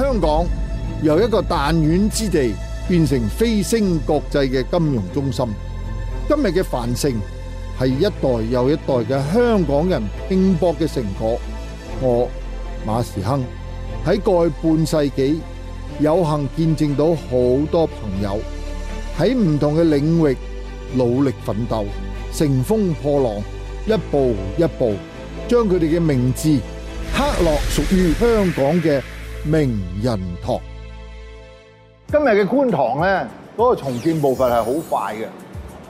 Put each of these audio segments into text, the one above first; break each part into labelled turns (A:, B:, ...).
A: 香港由一個彈丸之地變成飛升國際嘅金融中心，今日嘅繁盛係一代又一代嘅香港人拼搏嘅成果，我。我馬時亨喺過去半世紀，有幸見證到好多朋友喺唔同嘅領域努力奮鬥、乘風破浪，一步一步將佢哋嘅名字刻落屬於香港嘅。名人堂。今日嘅觀塘咧，嗰個重建部分係好快嘅。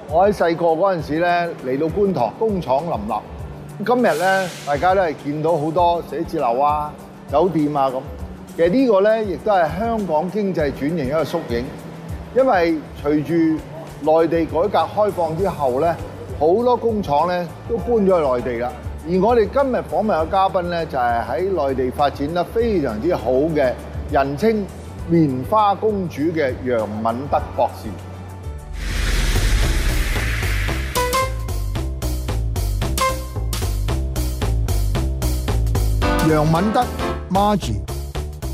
A: 我喺細個嗰陣時咧嚟到觀塘，工廠林立。今日咧，大家都係見到好多寫字樓啊、酒店啊咁。其實呢個咧，亦都係香港經濟轉型一個縮影。因為隨住內地改革開放之後咧，好多工廠咧都搬咗去內地啦。而我哋今日訪問嘅嘉賓呢，就係喺內地發展得非常之好嘅，人稱棉花公主嘅楊敏德博士。楊敏德 Margie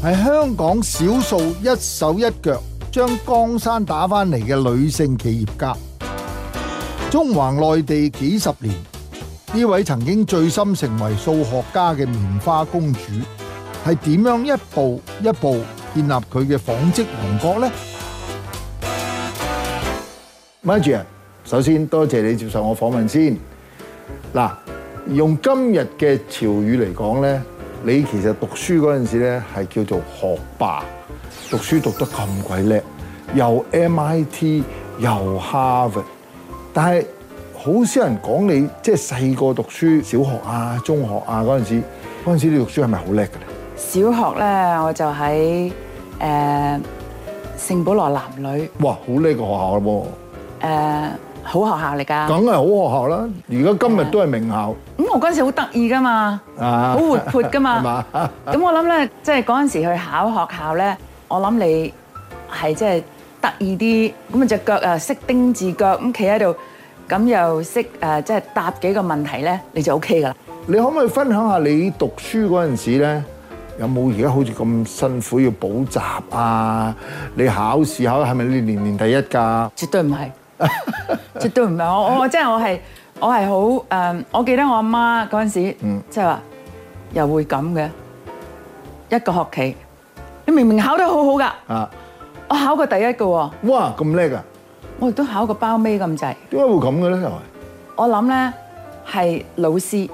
A: 係香港少數一手一腳將江山打返嚟嘅女性企業家，縱橫內地幾十年。呢位曾經最深成為數學家嘅棉花公主，係點樣一步一步建立佢嘅紡織王國咧？Maggie，首先多謝你接受我訪問先。嗱，用今日嘅潮語嚟講咧，你其實讀書嗰陣時咧係叫做學霸，讀書讀得咁鬼叻，又 MIT 又 Harvard，但係。好少人講你，即係細個讀書，小學啊、中學啊嗰陣時，嗰時你讀書係咪好叻嘅咧？
B: 小學咧，我就喺誒、呃、聖保羅男女。哇，好叻嘅學校咯噃、呃！好學校嚟噶，梗
A: 係好學校啦。而家今日都係
B: 名校。咁、呃、我嗰陣時好得意噶嘛，好、啊、活潑噶嘛。咁 我諗咧，即係嗰陣時去考學校咧，我諗你係真係得意啲。咁啊隻腳啊，識丁字腳咁企喺度。咁又識誒，即係答幾個問題咧，你就 O K 噶啦。
A: 你可唔可以分享下你讀書嗰陣時咧，有冇而家好似咁辛苦要補習啊？你考試考係咪你年年第一㗎？絕對唔係，
B: 絕對唔係。我我即係我係我係好誒。我記得我阿媽嗰陣時，即係話又會咁嘅一個學期，你明明考得好好㗎，啊，我考過第一個喎。哇，咁叻㗎！我亦都考個包尾咁滯，點解會咁嘅咧？又係我諗咧，係老師，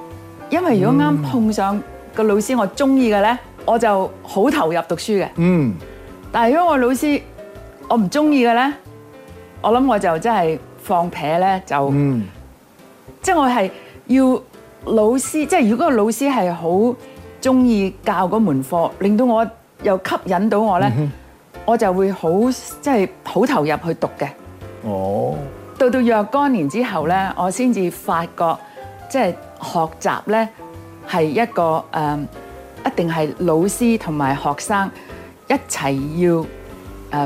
B: 因為如果啱碰上個老師我中意嘅咧，我就好投入讀書嘅。嗯，但係如果個老師我唔中意嘅咧，我諗我，我就真係放屁咧就，嗯、即係我係要老師，即係如果個老師係好中意教嗰門課，令到我又吸引到我咧、嗯，我就會好即係好投入去讀嘅。
A: 哦、oh.，
B: 到到若干年之後咧，我先至發覺，即係學習咧係一個誒，一定係老師同埋學生一齊要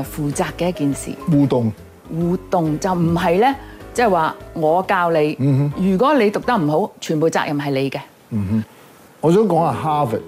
B: 誒負責嘅一件事。互動，互動就唔係咧，即係話我教你，mm-hmm. 如果你讀得唔好，全部責任係你嘅。
A: 嗯哼，我想講下 Harvard，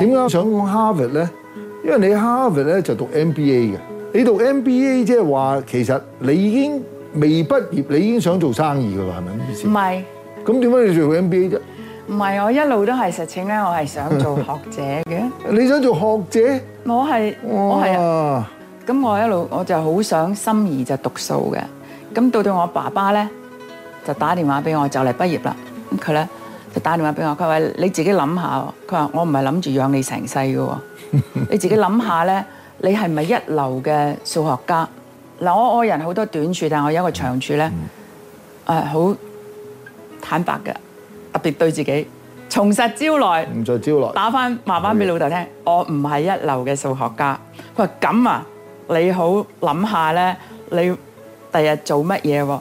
A: 點、mm-hmm. 解想講 Harvard 咧？Mm-hmm. 因為你 Harvard 咧就讀 MBA 嘅。你讀 MBA 即係話，其實你已經未畢業，你已經想做生意噶啦，係咪
B: 咁意思？唔係。咁點解你做 MBA 啫？唔係，我一路都係實情咧，我係想做學者嘅。你想做學者？我係，我係啊。咁我一路我就好想，心儀就讀數嘅。咁到到我爸爸咧，就打電話俾我，就嚟畢業啦。咁佢咧就打電話俾我，佢話你自己諗下。佢話我唔係諗住養你成世噶，你自己諗下咧。你係唔係一流嘅數學家嗱？我我人好多短處，但係我有一個長處咧，誒、嗯、好、呃、坦白嘅，特別對自己從實招來，唔再招來打翻話翻俾老豆聽，我唔係一流嘅數學家。佢話咁啊，你好諗下咧，你第日做乜嘢？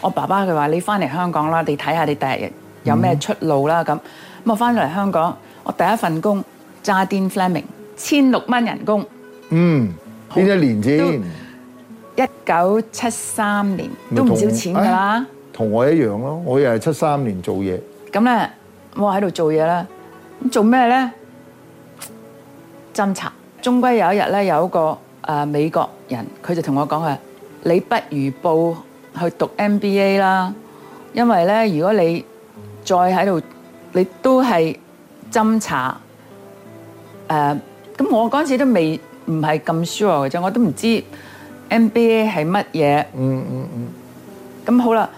B: 我爸爸佢話你翻嚟香港啦，你睇下你第日有咩出路啦。咁、嗯、咁我翻咗嚟香港，我第一份工 Jardine Fleming 千六蚊人工。
A: 嗯，邊一年先？一
B: 九七三年都唔少錢噶啦。
A: 同我一樣咯，我又係七三年做嘢。
B: 咁咧，我喺度做嘢啦，咁做咩咧？偵查，終歸有一日咧，有一個誒美國人，佢就同我講啊：你不如報去讀 MBA 啦，因為咧，如果你再喺度，你都係偵查。誒，咁我嗰陣時都未。唔係咁 sure 嘅啫，我都唔知 MBA 係乜嘢。嗯嗯嗯。咁好啦，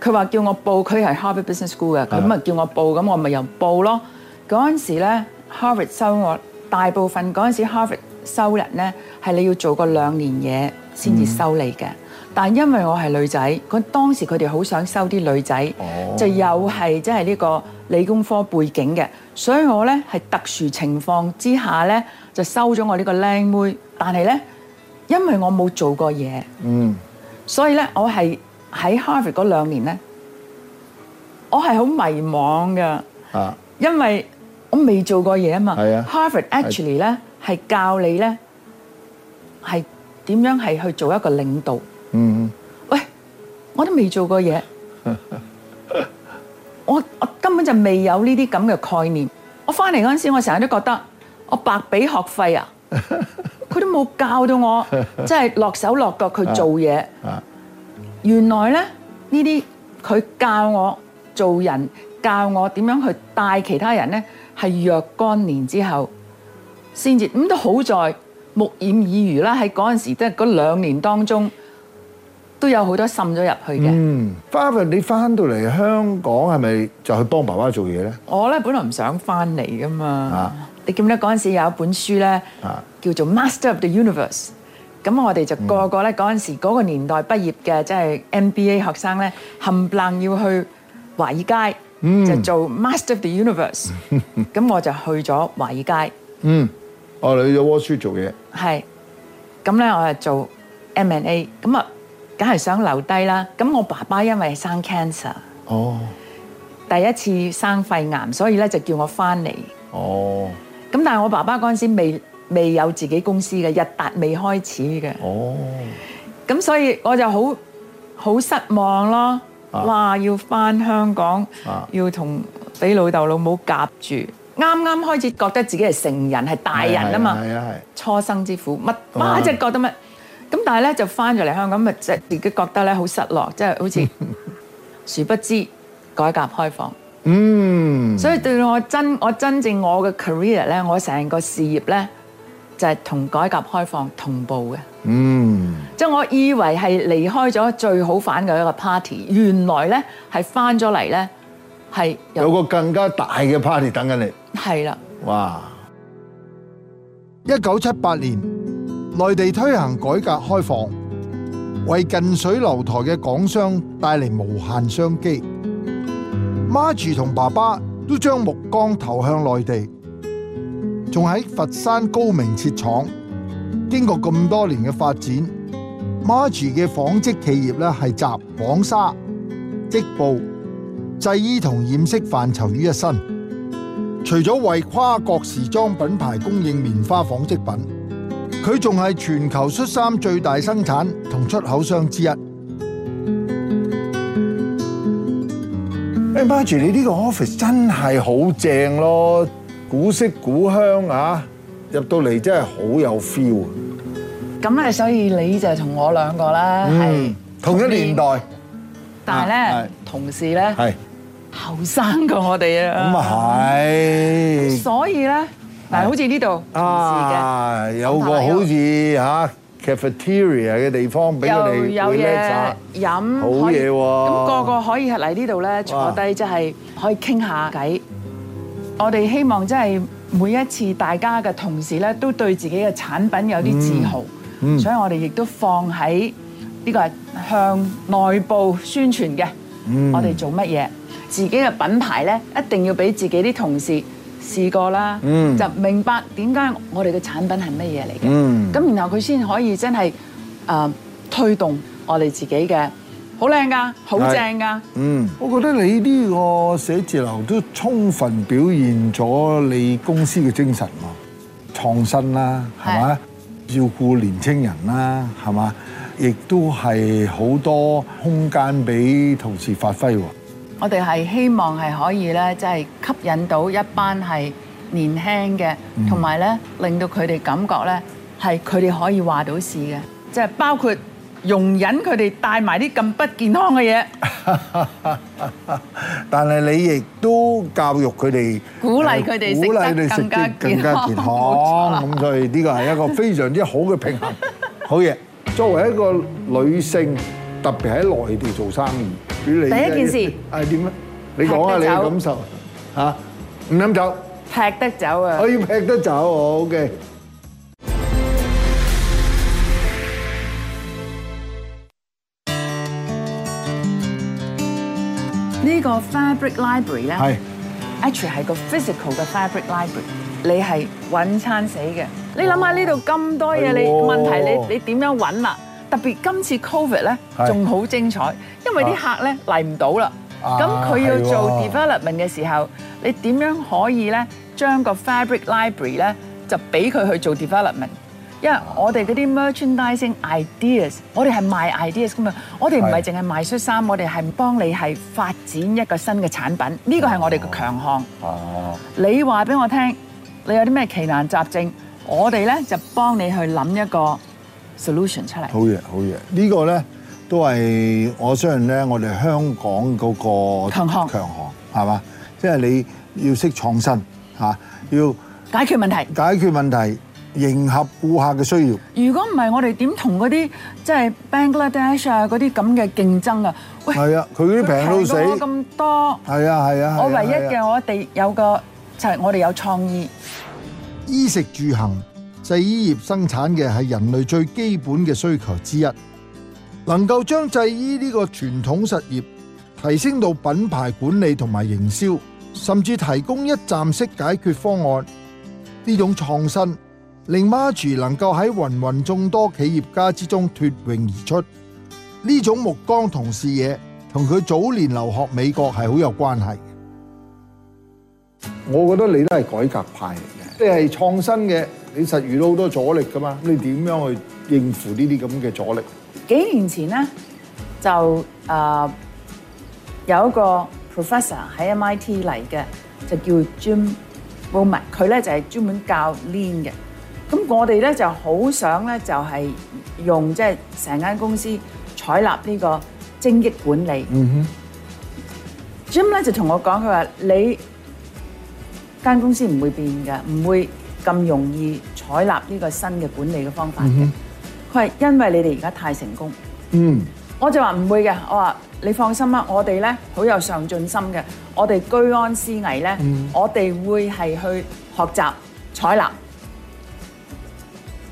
B: 佢話叫我報，佢係 Harvard Business School 嘅，咁咪叫我報，咁我咪又報咯。嗰陣時咧，Harvard 收我，大部分嗰陣時 Harvard 收人咧，係你要做個兩年嘢先至收你嘅。但因為我係女仔，佢當時佢哋好想收啲女仔，就又係即係呢個。理工科背景嘅，所以我咧係特殊情況之下咧就收咗我呢個靚妹，但係咧因為我冇做過嘢，嗯，所以咧我係喺 Harvard 嗰兩年咧，我係好迷茫嘅，啊，因為我未做過嘢啊嘛，係啊，Harvard actually 咧係教你咧係點樣係去做一個領導，嗯，喂，我都未做過嘢。我我根本就未有呢啲咁嘅概念。我翻嚟嗰陣時候，我成日都覺得我白俾學費啊！佢 都冇教到我，即 係落手落腳去做嘢，啊。原來咧呢啲佢教我做人，教我點樣去帶其他人呢係若干年之後先至。咁、嗯、都好在目染耳濡啦。喺嗰陣時，即係嗰兩年當中。都有好多滲咗入去
A: 嘅。嗯，Flavon，你翻到嚟香港係咪就去幫爸爸做嘢咧？
B: 我咧本來唔想翻嚟噶嘛。啊！你記唔記得嗰陣時有一本書咧，叫做《Master of the Universe》。咁我哋就個個咧嗰陣時嗰個年代畢業嘅，即係 MBA 學生咧，冚唪冷要去華爾街就做 Master of the Universe。咁我就去咗華爾街。
A: 嗯，哦，你去咗 Wall Street 做嘢。
B: 係咁咧，我係做 M and A 咁啊。梗係想留低啦，咁我爸爸因為生 cancer，哦、oh.，第一次生肺癌，所以咧就叫我翻嚟。哦，咁但係我爸爸嗰陣時未未有自己公司嘅，日達未開始嘅。哦，咁所以我就好好失望咯，話、ah. 要翻香港，ah. 要同俾老豆老母夾住。啱啱開始覺得自己係成人係大人啊嘛，係啊係，初生之虎乜哇即覺得乜。咁但係咧就翻咗嚟香港咪即係自己覺得咧好失落，即係好似 殊不知改革開放。嗯。所以對我真我真正我嘅 career 咧，我成個事業咧就係同改革開放同步嘅。嗯。即係我以為係離開咗最好反嘅一個 party，原來咧係翻咗嚟咧係有
A: 個更加大嘅 party 等緊你。係啦。哇！一九七八年。內地推行改革開放，為近水樓台嘅港商帶嚟無限商機。Marjorie 同爸爸都將目光投向內地，仲喺佛山高明設廠。經過咁多年嘅發展，Marjorie 嘅紡織企業咧係集紡紗、織布、製衣同染色範疇於一身。除咗為跨國時裝品牌供應棉花紡織品。佢仲係全球恤衫最大生產同出口商之一。哎，Margie，你呢個 office 真係好正咯，古色古香啊！入到嚟真係好有 feel
B: 啊！咁係，所以你就係同我兩個啦，
A: 係同一年代，
B: 但係咧同事咧，係後生過我哋啊！咁啊
A: 係，
B: 所以咧。嗱，好似呢度啊，有個好
A: 似嚇 cafeteria 嘅地方俾佢哋有嘢 relax，
B: 飲好嘢咁，個個可以喺嚟呢度咧坐低，即係可以傾下偈。我哋希望即係每一次大家嘅同事咧，都對自己嘅產品有啲自豪、嗯嗯。所以我哋亦都放喺呢個係向內部宣傳嘅、
A: 嗯。我哋做
B: 乜嘢？自己嘅品牌咧，一定要俾自己啲同事。試過啦、嗯，就明白點解我哋嘅產品係乜嘢嚟嘅。咁、嗯、然後佢先可以真係誒、呃、推動我哋自己嘅，好靚噶，好正噶。
A: 嗯，我覺得你呢個寫字樓都充分表現咗你公司嘅精神喎，創新啦，係嘛？啊、照顧年青人啦、啊，係嘛？亦都係好多空間俾同事發揮喎、啊。
B: 我哋係希望係可以呢，即係吸引到一班係年輕嘅同埋呢，令到佢哋感覺呢，係佢哋可以話到事嘅，即係包括容忍佢哋帶埋啲咁不健康嘅嘢。
A: 但係你亦都教育佢哋，
B: 鼓勵佢哋食得更加健康, 咁
A: 呢個係一個非常之好嘅平衡。好嘢。作為一個女性。特別喺內地做生意，第一件事係點咧？你講下，你嘅感受嚇，唔飲酒？
B: 劈得酒啊！可以
A: 劈得酒，好嘅。
B: 呢個 fabric library 咧，係，actually 係個 physical 嘅 fabric library，你係揾餐死嘅。你諗下呢度咁多嘢，你問題你你點樣揾啊？特別今次 COVID 咧，仲好精彩，因為啲客咧嚟唔到啦。咁、啊、佢要做 development 嘅時候，你點樣可以咧將個 fabric library 咧就俾佢去做 development？、啊、因為我哋嗰啲 merchandising ideas，我哋係賣 ideas 咁啊！我哋唔係淨係賣恤衫，我哋係幫你係發展一個新嘅產品。呢個係我哋嘅強項。啊、你話俾我聽，你有啲咩奇難雜症，我哋咧就幫你去諗一個。Solution
A: 出嚟，好嘢，好嘢！呢個咧都係我相信咧，我哋香港嗰個強項，強項係嘛？即係你要識創新嚇，要解決問題，解決問題，迎合顧客嘅需要。
B: 如果唔係，我哋點同嗰啲即係 Bangladesh 啊嗰啲咁嘅競爭啊？喂，係
A: 啊，佢嗰啲平到死，平咗我咁多，係啊，係啊，我唯一嘅
B: 我哋有個就係我哋有創意，
A: 衣食住行。製衣業生產嘅係人類最基本嘅需求之一，能夠將製衣呢個傳統實業提升到品牌管理同埋營銷，甚至提供一站式解決方案，呢種創新令 Marjorie 能夠喺芸芸眾多企業家之中脫穎而出。呢種目光同視野同佢早年留學美國係好有關係。我覺得你都係改革派嚟嘅，即係創新嘅。你實遇到好多阻力㗎嘛？你點樣去應付呢啲咁嘅阻力？
B: 幾年前咧就誒、呃、有一個 professor 喺 MIT 嚟嘅，就叫 Jim Bowman。佢咧就係、是、專門教 lean 嘅。咁我哋咧就好想咧就係用即係成間公司採納呢個精益管理。嗯哼。Jim 咧就同我講，佢話你間公司唔會變嘅，唔會，咁容易採納呢個新嘅管理嘅方法嘅，佢係因為你哋而家太成功。嗯，我就話唔會嘅，我話你放心啦，我哋咧好有上進心嘅，我哋居安思危咧，我哋會係去學習採納，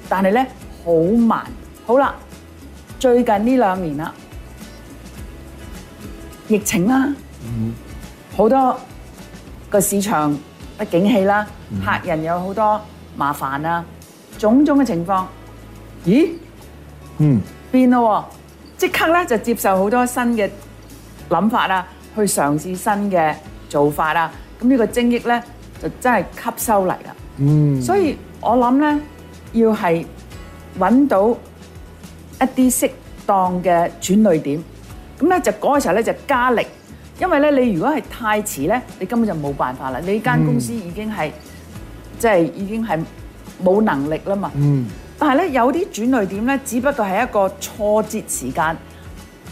B: 但係咧好慢。好啦，最近呢兩年啦，疫情啦，嗯，好多個市場。景氣啦，客人有好多麻煩啦，種種嘅情況，因為咧，你如果係太遲咧，你根本就冇辦法啦。你間公司已經係即係已經係冇能力啦嘛。嗯。但係咧，有啲轉捩點咧，只不過係一個挫折時間。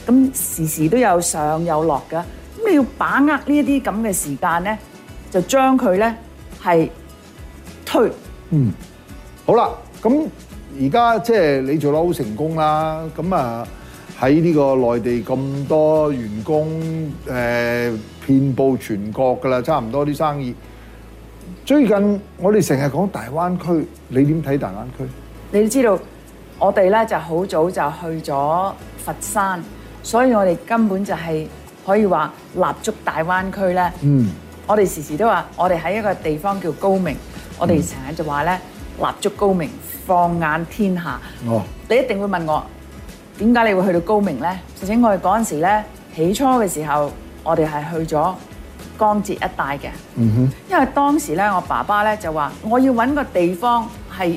B: 咁時時都有上有落嘅，咁你要把握呢啲咁嘅時間咧，就將佢咧係推。嗯。好啦，咁
A: 而家即係你做得好成功啦，咁啊。喺呢個內地咁多員工，誒遍佈全國㗎喇，差唔多啲生意。最近我哋成日講大灣區，你點睇大灣區？
B: 你都知道，我哋咧就好早就去咗佛山，所以我哋根本就係可以話立足大灣區咧。嗯，我哋時時都話，我哋喺一個地方叫高明，我哋成日就話咧立足高明，放眼天下。哦，你一定會問我。點解你會去到高明咧？首先我哋嗰陣時咧起初嘅時候，我哋係去咗江浙一帶嘅。嗯哼。因為當時咧，我爸爸咧就話：我要揾個地方係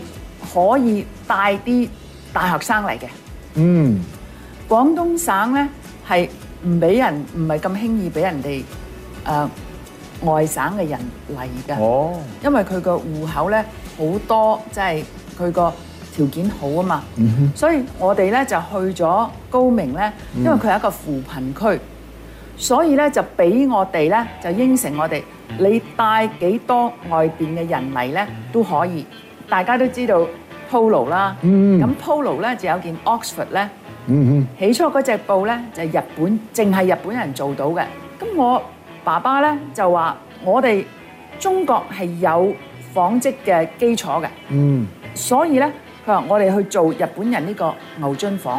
B: 可以帶啲大學生嚟嘅。嗯。廣東省咧係唔俾人，唔係咁輕易俾人哋誒、呃、外省嘅人嚟㗎。哦。因為佢個戶口咧好多，即係佢個。條件好啊嘛，所以我哋咧就去咗高明咧，因為佢係一個扶貧區，所以咧就俾我哋咧就應承我哋，你帶幾多外邊嘅人嚟咧都可以。大家都知道 Polo 啦，咁 Polo 咧就有件 Oxford 咧，起初嗰隻布咧就係日本，淨係日本人做到嘅。咁我爸爸咧就話：我哋中國係有紡織嘅基礎嘅，所以咧。我哋去做日本人呢個牛津紡，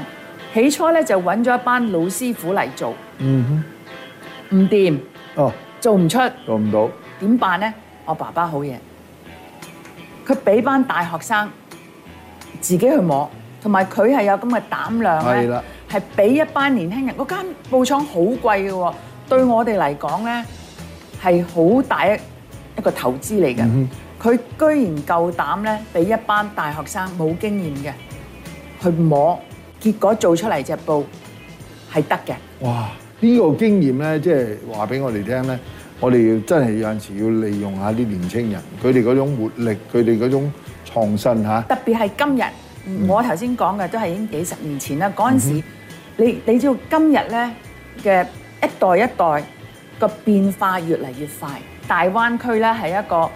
B: 起初咧就揾咗一班老師傅嚟做，唔掂，做唔出，做唔到，點辦咧？我爸爸好嘢，佢俾班大學生自己去摸，同埋佢係有咁嘅膽量係咧，係俾一班年輕人。嗰間布廠好貴嘅，對我哋嚟講咧係好大一一個投資嚟嘅。佢居然夠膽咧，俾一班大學生冇經驗嘅去摸，結果做出嚟隻布係得嘅。
A: 哇！呢個經驗咧，即係話俾我哋聽咧，我哋要真係有陣時要利用下啲年輕人，佢哋嗰種活力，佢哋嗰種創新嚇。
B: 特別係今日我頭先講嘅都係已經幾十年前啦。嗰陣時你你知道今日咧嘅一代一代個變化越嚟越快，大灣區咧係一個。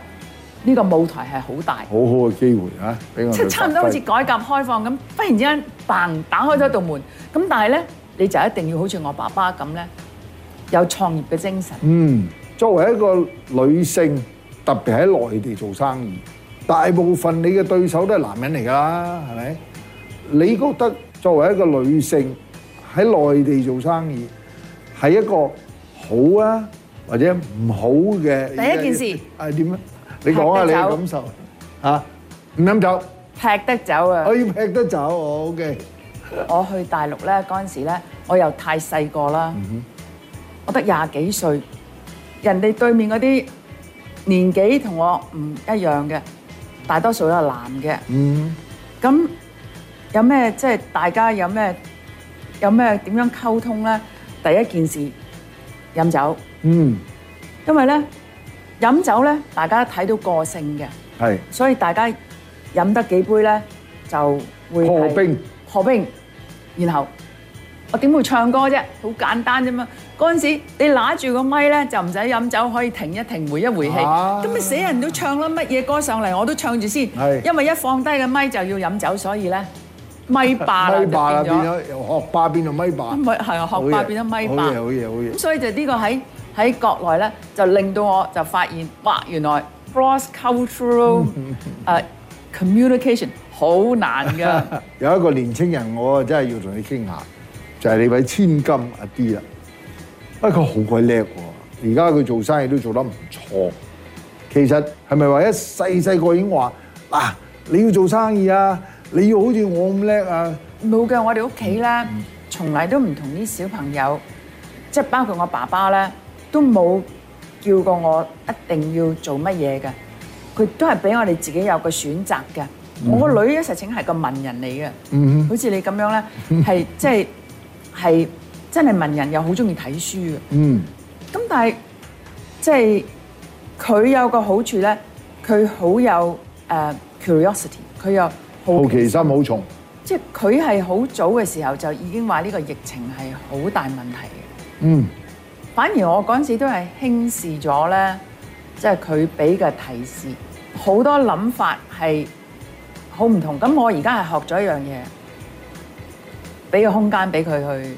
B: 呢個舞台係好大，好
A: 好嘅機會嚇，俾我。即係差唔多好
B: 似改革開放咁，忽然之間，嘭打開咗一道門。咁但係咧，你就一定要好似我爸爸咁咧，有創業嘅精神。嗯，
A: 作為一個女性，特別喺內地做生意，大部分你嘅對手都係男人嚟㗎啦，係咪？你覺得作為一個女性喺內地做生意係一個好啊，或者唔好嘅？第一件事。係點咧？你講下你
B: 嘅感受嚇，唔飲酒劈得酒啊！我要劈得酒，OK。我去大陸咧嗰陣時咧，我又太細個啦，我得廿幾歲，人哋對面嗰啲年紀同我唔一樣嘅，大多數都係男嘅。嗯，咁有咩即係大家有咩有咩點樣溝通咧？第一件事飲酒。嗯，因為咧。飲酒咧，大家睇到個性嘅，所以大家飲得幾杯咧就會破冰。破冰，然後我點會唱歌啫？好簡單啫嘛！嗰陣時你拿住個咪咧，就唔使飲酒，可以停一停回一回氣。咁你死人都唱啦，乜嘢歌上嚟我都唱住先。係，因為一放低個咪就要飲酒，所以咧咪霸啦，變咗
A: 學霸，變咗咪霸。唔
B: 係係啊，學霸變咗咪霸。好嘢！好嘢！好嘢！所以就呢個喺，喺國內咧，就令到我就發現，哇！原來 cross cultural 誒、 uh, communication 好難噶。
A: 有一個年青人，我真係要同你傾下，就係、是、你位千金阿 D 啦。不過好鬼叻喎，而家佢做生意都做得唔錯。其實係咪話一細細個已經話、啊、你要做生意啊？你要
B: 好似我咁叻啊？冇嘅，我哋屋企咧，從、嗯、嚟、嗯、都唔同啲小朋友，即係包括我爸爸咧。都冇叫過我一定要做乜嘢嘅，佢都係俾我哋自己有個選擇嘅。Mm-hmm. 我個女一實情係個文人嚟嘅，好、mm-hmm. 似你咁樣咧，係即係係真係文人又好中意睇書嘅。
A: 咁、mm-hmm.
B: 但係，即、就、係、是，佢有個好處咧，佢、uh, 好有誒 curiosity，佢又好奇心好重。即係，佢係好早嘅時候就已經話呢個疫情係好大問題嘅。嗯、mm-hmm.。反而我嗰陣時都係輕視咗咧，即係佢俾嘅提示，好多諗法係好唔同。咁我而家係學咗一樣嘢，俾個空間俾佢去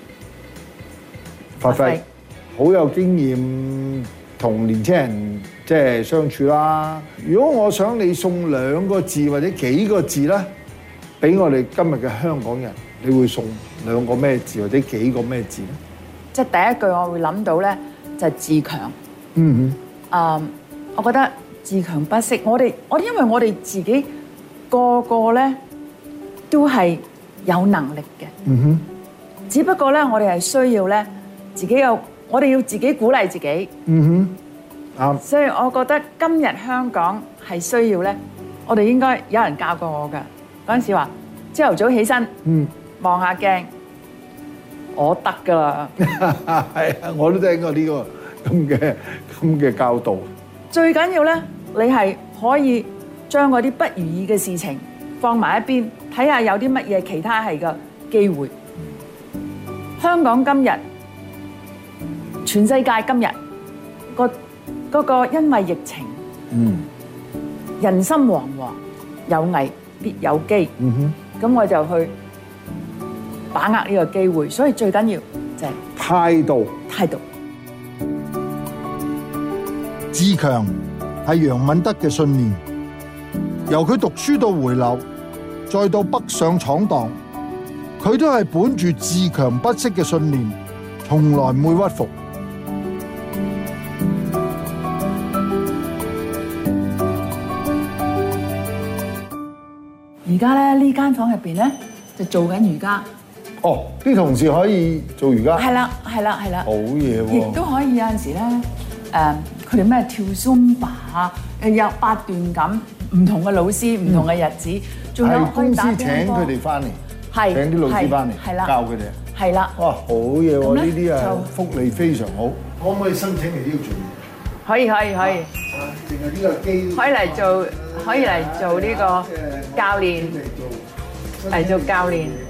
B: 發揮。
A: 好有經驗同年青人即係相處啦。如果我想你送兩個字或者幾個字咧，俾我哋今日嘅香港人，你會送兩個咩字或者幾個咩字咧？
B: 即係第一句，我會諗到咧，就係自強。嗯哼，啊，我覺得自強不息。我哋我因為我哋自己個個咧都係有能力嘅。嗯哼，只不過咧，我哋係需要咧自己有，我哋要自己鼓勵自己。
A: 嗯哼，啱。所
B: 以我覺得今日香港係需要咧，我哋應該有人教過我㗎。嗰陣時話，朝頭早起身，望下鏡。我得噶啦，係啊，
A: 我都聽過呢個咁嘅咁嘅教導。
B: 最緊要咧，你係可以將嗰啲不如意嘅事情放埋一邊，睇下有啲乜嘢其他係個機會。香港今日，全世界今日個嗰個因為疫情，
A: 嗯，
B: 人心惶惶，有危必有機，嗯哼，咁我就去。把握呢個機會，所以最緊
A: 要就係態度。態度自強，係楊敏德嘅信念。由佢讀書到回流，再到北上闖蕩，佢都係本住自強不息嘅信念，從來唔會屈服。
B: 而家咧呢這間房入邊咧，就做緊瑜伽。
A: 哦，啲同事可以做瑜伽？係啦，
B: 係啦，係啦，好
A: 嘢喎！亦都可
B: 以有陣時咧，誒，佢哋咩跳松把，誒，有八段錦，唔同嘅老師，唔同嘅日子，仲有公司請佢哋
A: 翻嚟，
B: 係請啲老師翻嚟，係啦，教佢哋，係啦，
A: 哇，好嘢喎！呢啲啊，福利非常好，可唔可以申請嚟呢度做？可以，可以，可以。淨
B: 係呢個機，可以嚟做，可以嚟做呢個教練，嚟做，嚟做教練。